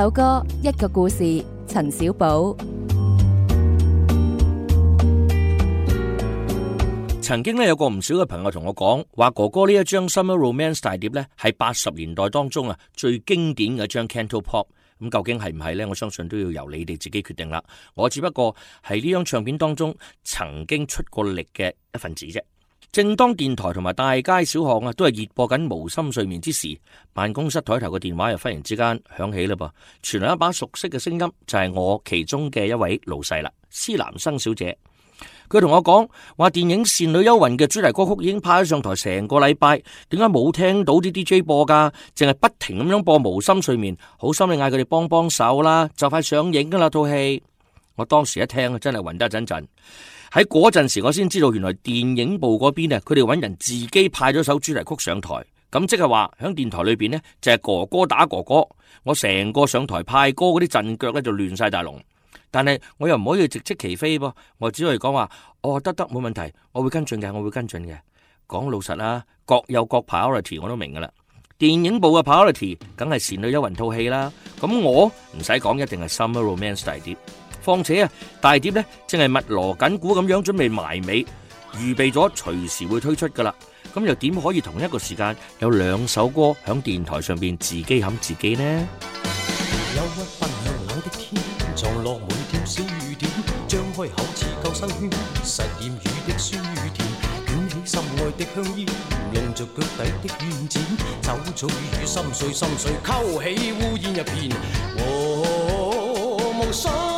首歌一個故事，陳小寶曾經咧有個唔少嘅朋友同我講話，哥哥呢一張《Summer Romance》大碟咧，係八十年代當中啊最經典嘅一張 Cantopop。咁究竟係唔係呢？我相信都要由你哋自己決定啦。我只不過係呢張唱片當中曾經出過力嘅一份子啫。正當電台同埋大街小巷啊，都係熱播緊《無心睡眠》之時，辦公室台頭嘅電話又忽然之間響起嘞。噃，傳來一把熟悉嘅聲音，就係我其中嘅一位老細啦，施南生小姐。佢同我講話電影《倩女幽魂》嘅主題歌曲已經派咗上台成個禮拜，點解冇聽到啲 DJ 播噶？淨係不停咁樣播《無心睡眠》，好心你嗌佢哋幫幫手啦，就快上映噶啦套戲。我當時一聽，真係暈得一陣陣。喺嗰陣時，我先知道原來電影部嗰邊啊，佢哋揾人自己派咗首主題曲上台，咁即係話喺電台裏邊呢，就係哥哥打哥哥，我成個上台派歌嗰啲陣腳咧就亂晒大龍。但係我又唔可以直斥其非噃，我只可以講話哦得得，冇問題，我會跟進嘅，我會跟進嘅。講老實啦，各有各 priority 我都明噶啦，電影部嘅 priority 梗係倩女幽魂套戲啦，咁我唔使講一定係 summer romance 大碟。況且啊，大碟呢，正係密鑼緊鼓咁樣準備埋尾，預備咗隨時會推出噶啦。咁又點可以同一個時間有兩首歌響電台上邊自己冚自己呢？有一份冷冷的天，撞落滿天小雨點，張開口似救生圈，實驗雨的酸雨甜，捲起心愛的香煙，印着腳底的軟墊，走走雨雨，心碎心碎，溝起烏煙入邊。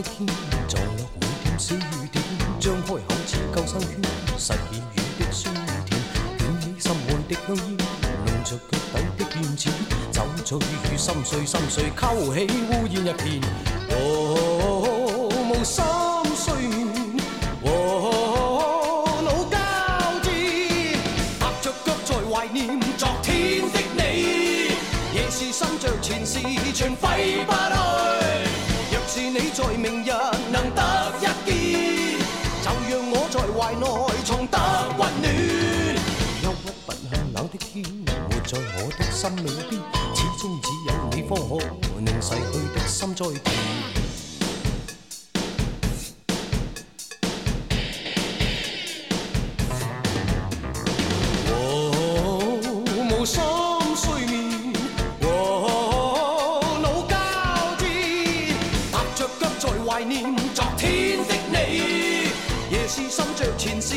的天，落每點小雨點，張開口似救生圈，實現的雨的酸甜，捲起心滿的香煙，弄着腳底的煙錢，走出雨心碎心碎，勾起烏煙一片。和 h、oh, oh, oh, oh, 無心睡眠 oh, oh, oh, oh,，Oh，腦交戰，踏着腳在懷念昨天的你，夜是心着前事，全揮不。在我的心裏邊，始終只有你方可令逝去的心再甜。 我無心睡眠，我腦交戰，踏著腳在懷念昨天的你，夜是滲著前事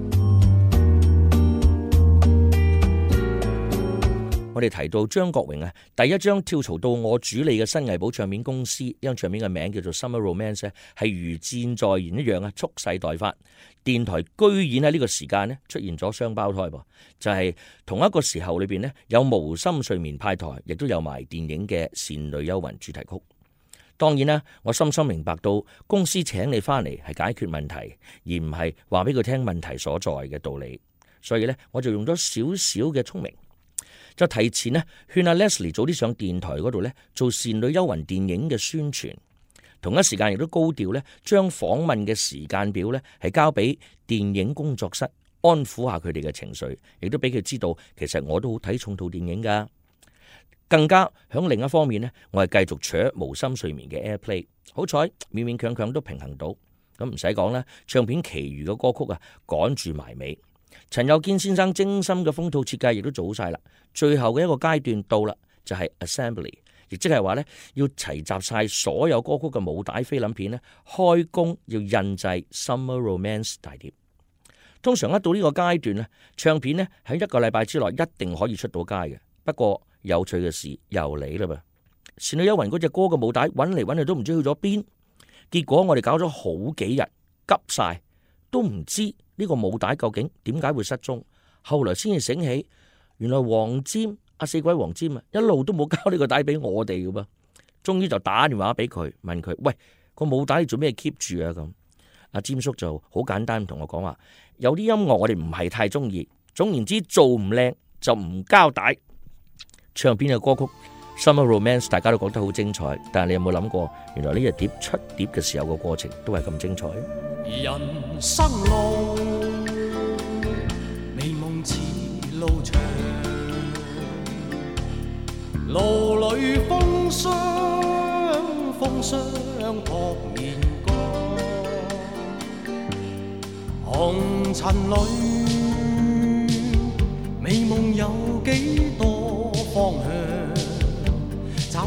我哋提到張國榮啊，第一張跳槽到我主理嘅新藝寶唱片公司，呢張唱片嘅名叫做《Summer Romance》，係如箭在弦一樣啊，蓄勢待發。電台居然喺呢個時間呢，出現咗雙胞胎噃，就係同一個時候裏邊呢，有《無心睡眠》派台，亦都有埋電影嘅《倩女幽魂》主題曲。當然啦，我深深明白到公司請你翻嚟係解決問題，而唔係話俾佢聽問題所在嘅道理。所以呢，我就用咗少少嘅聰明。就提前咧勸阿 Leslie 早啲上電台嗰度咧做《倩女幽魂》電影嘅宣傳，同一時間亦都高調咧將訪問嘅時間表咧係交俾電影工作室，安撫下佢哋嘅情緒，亦都俾佢知道其實我都好睇重套電影噶。更加響另一方面咧，我係繼續 check 無心睡眠嘅 AirPlay，好彩勉勉強強都平衡到，咁唔使講啦，唱片其餘嘅歌曲啊趕住埋尾。陳幼堅先生精心嘅封套設計亦都做好晒啦，最後嘅一個階段到啦，就係、是、assembly，亦即係話咧，要齊集晒所有歌曲嘅母帶菲林片咧，開工要印製《Summer Romance》大碟。通常一到呢個階段咧，唱片咧喺一個禮拜之內一定可以出到街嘅。不過有趣嘅事又嚟啦噃，《倩女幽魂》嗰隻歌嘅母帶揾嚟揾去都唔知去咗邊，結果我哋搞咗好幾日急晒。都唔知呢個舞帶究竟點解會失蹤，後來先至醒起，原來黃霑阿、啊、四鬼黃霑啊，一路都冇交呢個帶俾我哋噶噃，終於就打電話俾佢問佢，喂，呢個舞帶你做咩 keep 住啊？咁阿霑叔就好簡單同我講話，有啲音樂我哋唔係太中意，總言之做唔靚就唔交帶唱片嘅歌曲。Summer romance，大家都講得好精彩，但係你有冇諗過，原來呢隻碟出碟嘅時候個過程都係咁精彩。人生路，美夢似路長，路裏風霜，風霜撲面降。紅塵裏，美夢有幾多方向？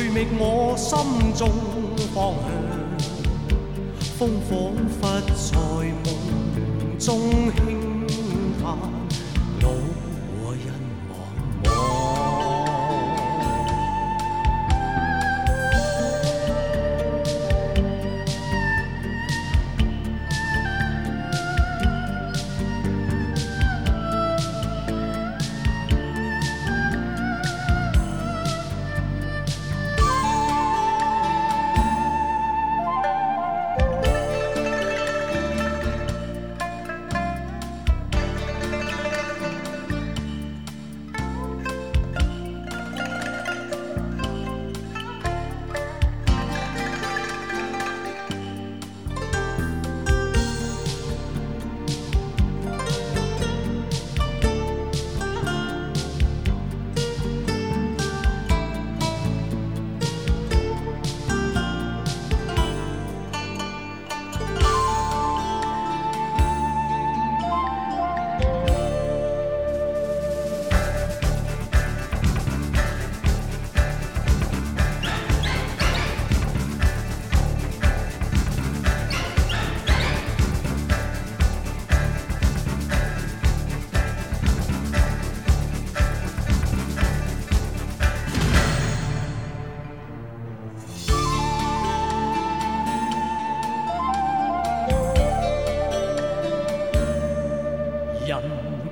去覓我心中方向，風仿佛在夢中輕，輕。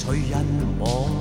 隨人往。